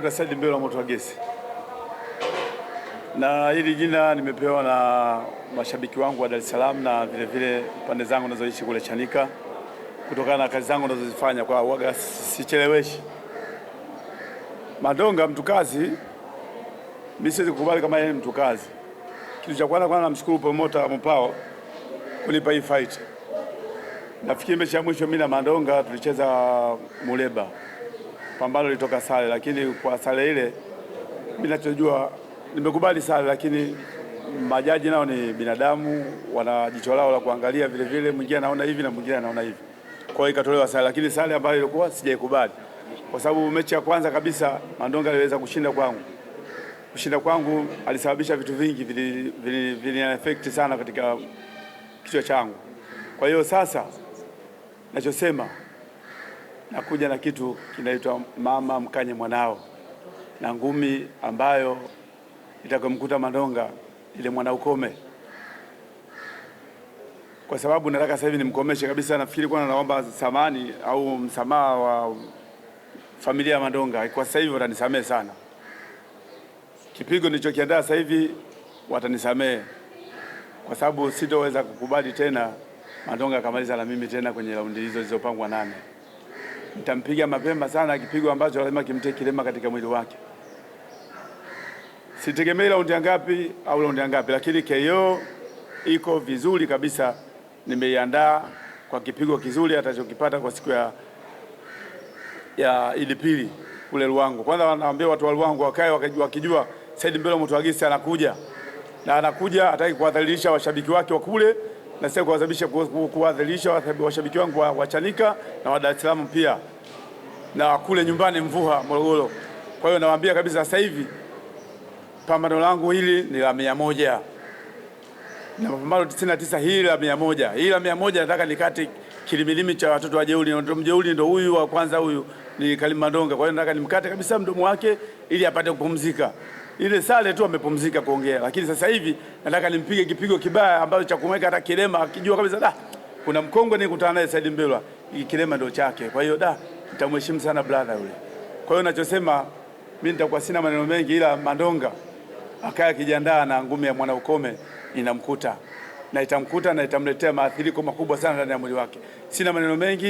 Kwa Saidi Mbelwa moto wa gesi, na hili jina nimepewa na mashabiki wangu wa Dar es Salaam na vile vile pande zangu nazoishi kule Chanika, kutokana na kazi zangu nazozifanya kwa waga, sicheleweshi madonga. Mtukazi mimi siwezi kukubali kama yeye mtukazi. Kitu cha kwanza kwanza, namshukuru promota Mpao kunipa hii fight. Nafikiri mechi ya mwisho mina na madonga tulicheza Muleba pambano litoka sare, lakini kwa sare ile ninachojua nachojua nimekubali sare, lakini majaji nao ni binadamu, wana jicho lao la kuangalia vile vile, mwingine anaona hivi na mwingine anaona hivi. Kwa hiyo ikatolewa sare, lakini sare ambayo ilikuwa sijaikubali, kwa sababu mechi ya kwanza kabisa Mandonga aliweza kushinda kwangu. Kushinda kwangu alisababisha vitu vingi vili affect sana katika kichwa changu. Kwa hiyo sasa nachosema nakuja na kitu kinaitwa mama mkanye mwanao, na ngumi ambayo itakomkuta madonga ile mwana ukome, kwa sababu nataka sasa hivi nimkomeshe kabisa. Nafikiri kwa naomba samani au msamaha wa familia ya Mandonga, kwa sasa hivi watanisamehe sana. Kipigo nilichokiandaa sasa hivi watanisamee, kwa sababu sitoweza kukubali tena madonga akamaliza na mimi tena kwenye raundi hizo zilizopangwa nane nitampiga mapema sana, kipigo ambacho lazima kimtie kilema katika mwili wake. Sitegemei raundi ngapi au raundi ngapi, lakini KO iko vizuri kabisa, nimeiandaa kwa kipigo kizuri atachokipata kwa siku ya, ya Idipili kule ruangu Kwanza wanaambia watu wa ruangu wakae wakijua Said Mbelwa Mutwagisi anakuja na anakuja, hataki kuwadhalilisha washabiki wake wa kule na sio kuwasababisha kuwadhilisha washabiki wangu wa Chanika na wa Dar es Salaam pia na kule nyumbani Mvuha Morogoro. Kwa hiyo nawaambia kabisa sasa hivi pambano langu hili ni la mia moja na mapambano tisa hili la mia moja hili la mia moja nataka nikate kilimilimi cha watoto wa jeuli. Ndio mjeuli ndio huyu wa kwanza, huyu ni Kalim Kwa hiyo nataka nimkate kabisa mdomo wake ili apate kupumzika ile Sale tu amepumzika kuongea, lakini sasa hivi nataka nimpige kipigo kibaya ambacho cha kumweka hata Kilema akijua kabisa da, kuna mkongwe nikutana naye Said Mbelwa, Kilema ndio chake. Kwa hiyo da, nitamheshimu sana brother yule. Kwa hiyo nachosema mimi nitakuwa sina maneno mengi, ila Mandonga akaya kijandaa na ngumi ya Mwanaukome inamkuta na itamkuta na itamletea maathiriko makubwa sana ndani ya mwili wake. Sina maneno mengi,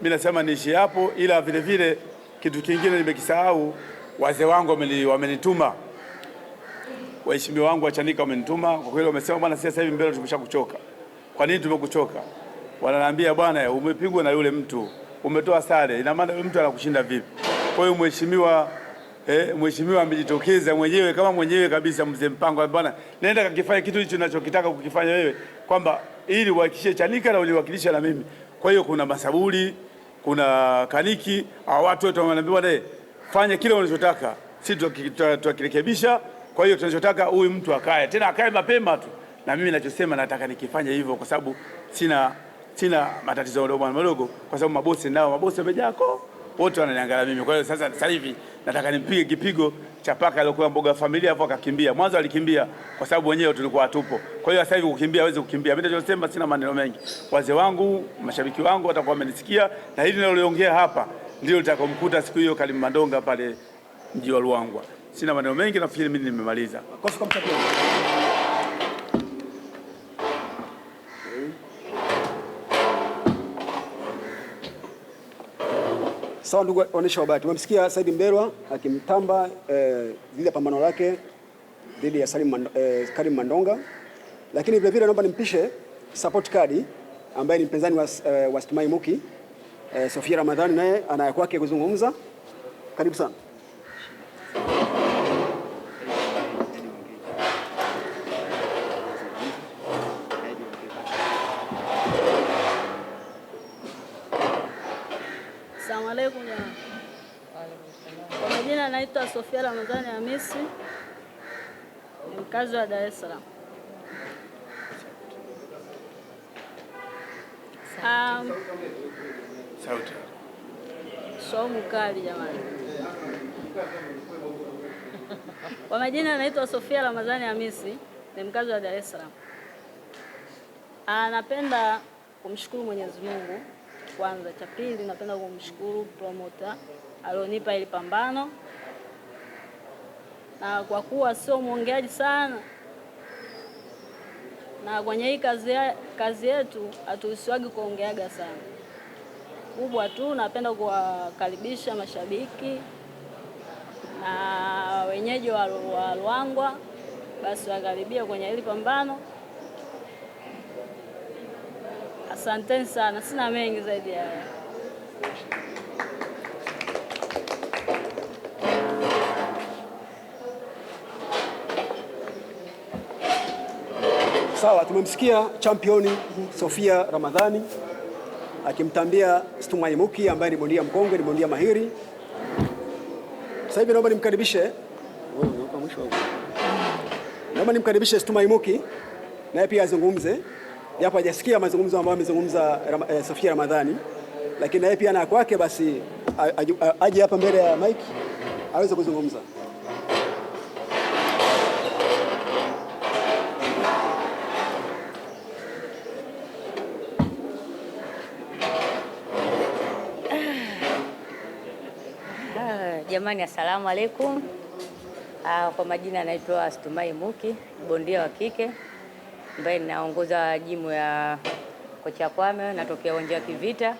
mimi nasema niishi hapo, ila vilevile kitu kingine nimekisahau, wazee wangu wamenituma waheshimiwa wangu wa Chanika wamenituma kwa kweli, wamesema bwana, sasa hivi mbele tumeshakuchoka. Kwa nini tumekuchoka? Wananiambia bwana, umepigwa na yule mtu, umetoa sare, ina maana yule mtu anakushinda vipi? Kwa hiyo mheshimiwa eh, mheshimiwa amejitokeza mwenyewe kama mwenyewe kabisa, mzee Mpango bwana, nenda kakifanya kitu hicho ninachokitaka kukifanya wewe, kwamba ili uwakilishe Chanika na uliwakilisha na mimi. Kwa hiyo kuna Masaburi, kuna Kaniki, au watu wote wanaambiwa, eh, fanya kile unachotaka, sisi tutakirekebisha kwa hiyo tunachotaka huyu mtu akae tena, akae mapema tu, na mimi ninachosema nataka nikifanya hivyo, kwa sababu sina sina matatizo madogo madogo, kwa sababu mabosi nao, mabosi wamejako wote wananiangalia mimi. Kwa hiyo sasa, sasa hivi nataka nimpige kipigo cha paka aliyokuwa mboga familia hapo, akakimbia. Mwanzo alikimbia kwa sababu wenyewe tulikuwa hatupo, kwa hiyo sasa hivi kukimbia hawezi kukimbia. Mimi ninachosema sina maneno mengi, wazee wangu, mashabiki wangu watakuwa wamenisikia, na hili ninaloongea hapa ndio litakomkuta siku hiyo Kalimandonga pale mji wa Ruangwa. Sina maneno mengi, nafikiri mimi nimemaliza. Sawa, ndugu waandishi wa habari, tumemsikia Said Mberwa akimtamba eh, dhidi ya pambano lake dhidi ya Salim Mando, eh, Karim Mandonga, lakini vilevile naomba nimpishe support card ambaye ni mpenzani wa, eh, wa Muki eh, Sofia Ramadhani naye anaya kwake kuzungumza. Karibu sana. Asalamu alaykum Kwa majina anaitwa Sofia Ramadhani Hamisi, ni mkazi wa Dar es Salaam. Um, kali jamani. Kwa majina Sofia Ramadhani Hamisi, ni mkazi wa Dar es Salaam. Anapenda ah, kumshukuru Mwenyezi Mungu kwanza. Cha pili, napenda kumshukuru promoter alionipa ile pambano, na kwa kuwa sio mwongeaji sana, na kwenye hii kazi, kazi yetu hatuhusiwagi kuongeaga sana kubwa tu. Napenda kuwakaribisha mashabiki na wenyeji wa Ruangwa, basi wakaribia kwenye hili pambano. Asanteni sana, sina mengi zaidi ya haya. Sawa, tumemsikia championi Sofia Ramadhani akimtambia Stumai Muki ambaye ni bondia mkongwe, ni bondia mahiri. Sasa hivi naomba nimkaribishe, naomba nimkaribishe Stumai Muki naye pia azungumze japo hajasikia mazungumzo ambayo amezungumza eh, Safia Ramadhani, lakini naye pia na kwake basi aje hapa mbele ya mike aweze kuzungumza. Ah, jamani, assalamu alaikum. Ah, kwa majina anaitwa stumai Muki, bondia wa kike ambaye ninaongoza jimu ya kocha Kwame, natokea uwanja wa Kivita.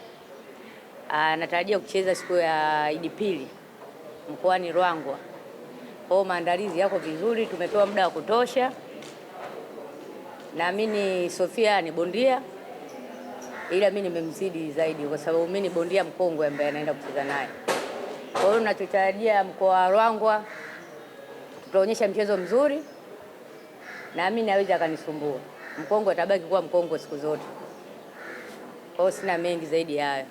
Ah, natarajia kucheza siku ya Idi Pili mkoani Rwangwa. Kwa hiyo maandalizi yako vizuri, tumepewa muda wa kutosha. Naamini Sofia ni bondia, ila mi nimemzidi zaidi, kwa sababu mi ni bondia mkongwe ambaye anaenda kucheza naye. Kwa hiyo nachotarajia mkoa wa Rwangwa tutaonyesha mchezo mzuri na mimi naweza akanisumbua. Mkongwe atabaki kuwa mkongwe siku zote. Kwa hiyo sina mengi zaidi ya hayo.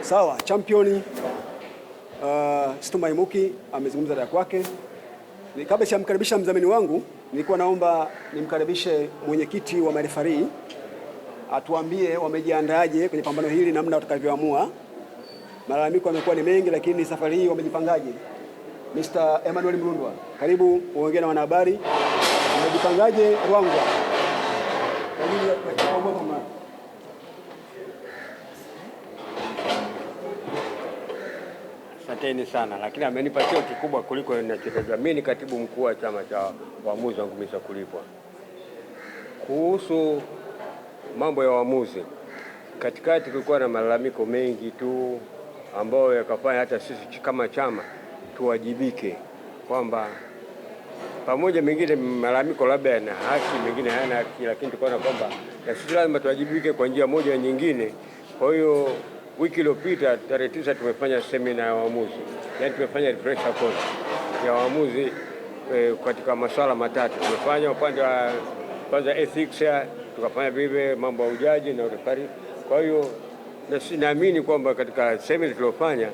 Sawa, championi uh, Stumai Muki amezungumza dada kwake. Kabla sijamkaribisha mdhamini wangu, nilikuwa naomba nimkaribishe mwenyekiti wa marefari atuambie wamejiandaaje kwenye pambano hili, namna watakavyoamua. Malalamiko yamekuwa ni mengi, lakini safari hii wamejipangaje? Mr. Emmanuel mrundwa karibu uongee na wanahabari. Wamejipangaje Ruangwa? Asanteni sana, lakini amenipa cheo kikubwa kuliko ninachotajwa mimi. Ni katibu mkuu wa chama cha waamuzi wa ngumi za kulipwa kuhusu mambo ya waamuzi. Katikati kulikuwa na malalamiko mengi tu ambayo yakafanya hata sisi kama chama tuwajibike kwamba pamoja mengine malalamiko labda yana haki, mengine hayana haki, lakini tukaona kwamba na sisi lazima tuwajibike kwa njia moja nyingine. Kwa hiyo wiki iliyopita tarehe tisa tumefanya semina ya waamuzi, yani tumefanya refresher course ya waamuzi eh, katika masuala matatu tumefanya upande wa kwanza ethics ya tukafanya vile mambo ya ujaji na urefari. Kwa hiyo naamini kwamba katika semina tuliofanya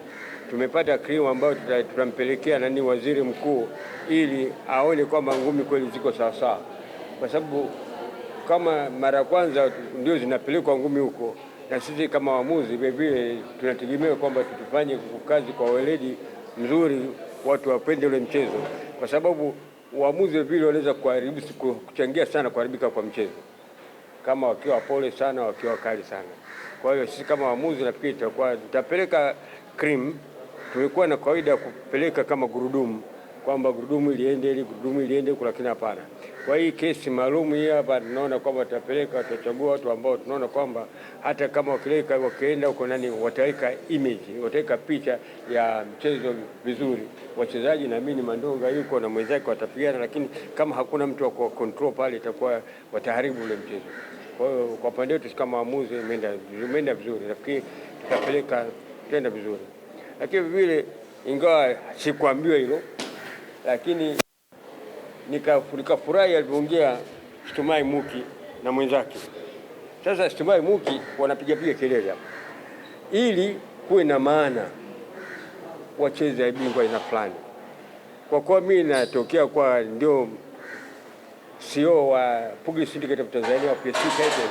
tumepata krimu ambayo tutampelekea nani waziri mkuu ili aone kwamba ngumi kweli ziko sawasawa, kwa sababu kama mara ya kwanza ndio zinapelekwa ngumi huko, na sisi kama waamuzi vilevile tunategemea kwamba tutufanye kazi kwa weledi mzuri, watu wapende ule mchezo, kwa sababu waamuzi vile wanaweza kuharibu, kuchangia sana kuharibika kwa mchezo kama wakiwa pole sana, wakiwa kali sana. Kwa hiyo sisi kama waamuzi nafikiri itakuwa nitapeleka cream, tulikuwa na kawaida ya kupeleka kama gurudumu kwamba gurudumu iliende ili gurudumu iliende huku, lakini hapana. Kwa hii kesi maalum hii hapa tunaona kwamba tutapeleka, tutachagua watu ambao tunaona kwamba hata kama wakileka, wakienda huko nani, wataweka image, wataweka picha ya mchezo vizuri. Wachezaji naamini Mandonga yuko na mwenzake watapigana, lakini kama hakuna mtu wa control pale itakuwa wataharibu ule mchezo. Kwa hiyo kwa pande yetu kama waamuzi imeenda vizuri, nafikiri tutapeleka tutaenda vizuri, lakini vile, ingawa sikuambiwa hilo lakini nikafurahi alivyoongea Stumai Muki na mwenzake. Sasa Stumai Muki wanapigapiga kelele hapo, ili kuwe na maana wacheze bingwa aina fulani. Kwa kuwa mimi natokea kwa ndio CEO wa Pugli Syndicate of Tanzania PSC Titles,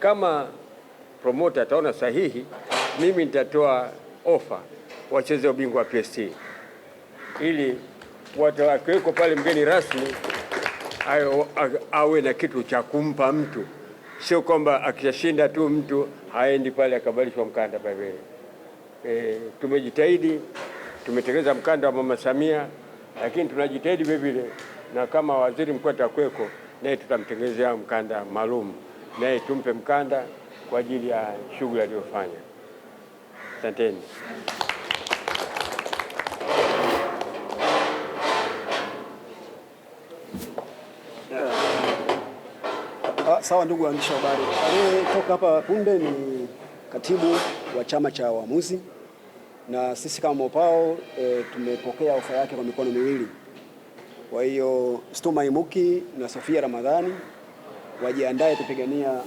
kama promoter ataona sahihi, mimi nitatoa ofa wacheze ubingwa wa PSC ili akiweko pale mgeni rasmi awe na kitu cha kumpa mtu, sio kwamba akishinda tu mtu haendi pale akabalishwa mkanda pale. E, tumejitahidi tumetekeleza mkanda wa Mama Samia, lakini tunajitahidi vilevile na kama waziri mkuu atakweko naye tutamtengenezea mkanda maalum, naye tumpe mkanda kwa ajili ya shughuli aliyofanya. Asanteni. Sawa, ndugu waandishi wa habari, aliyetoka hapa punde ni katibu wa chama cha waamuzi, na sisi kama mopao e, tumepokea ofa yake kwa mikono miwili. Kwa hiyo Stuma Imuki na Sofia Ramadhani wajiandae kupigania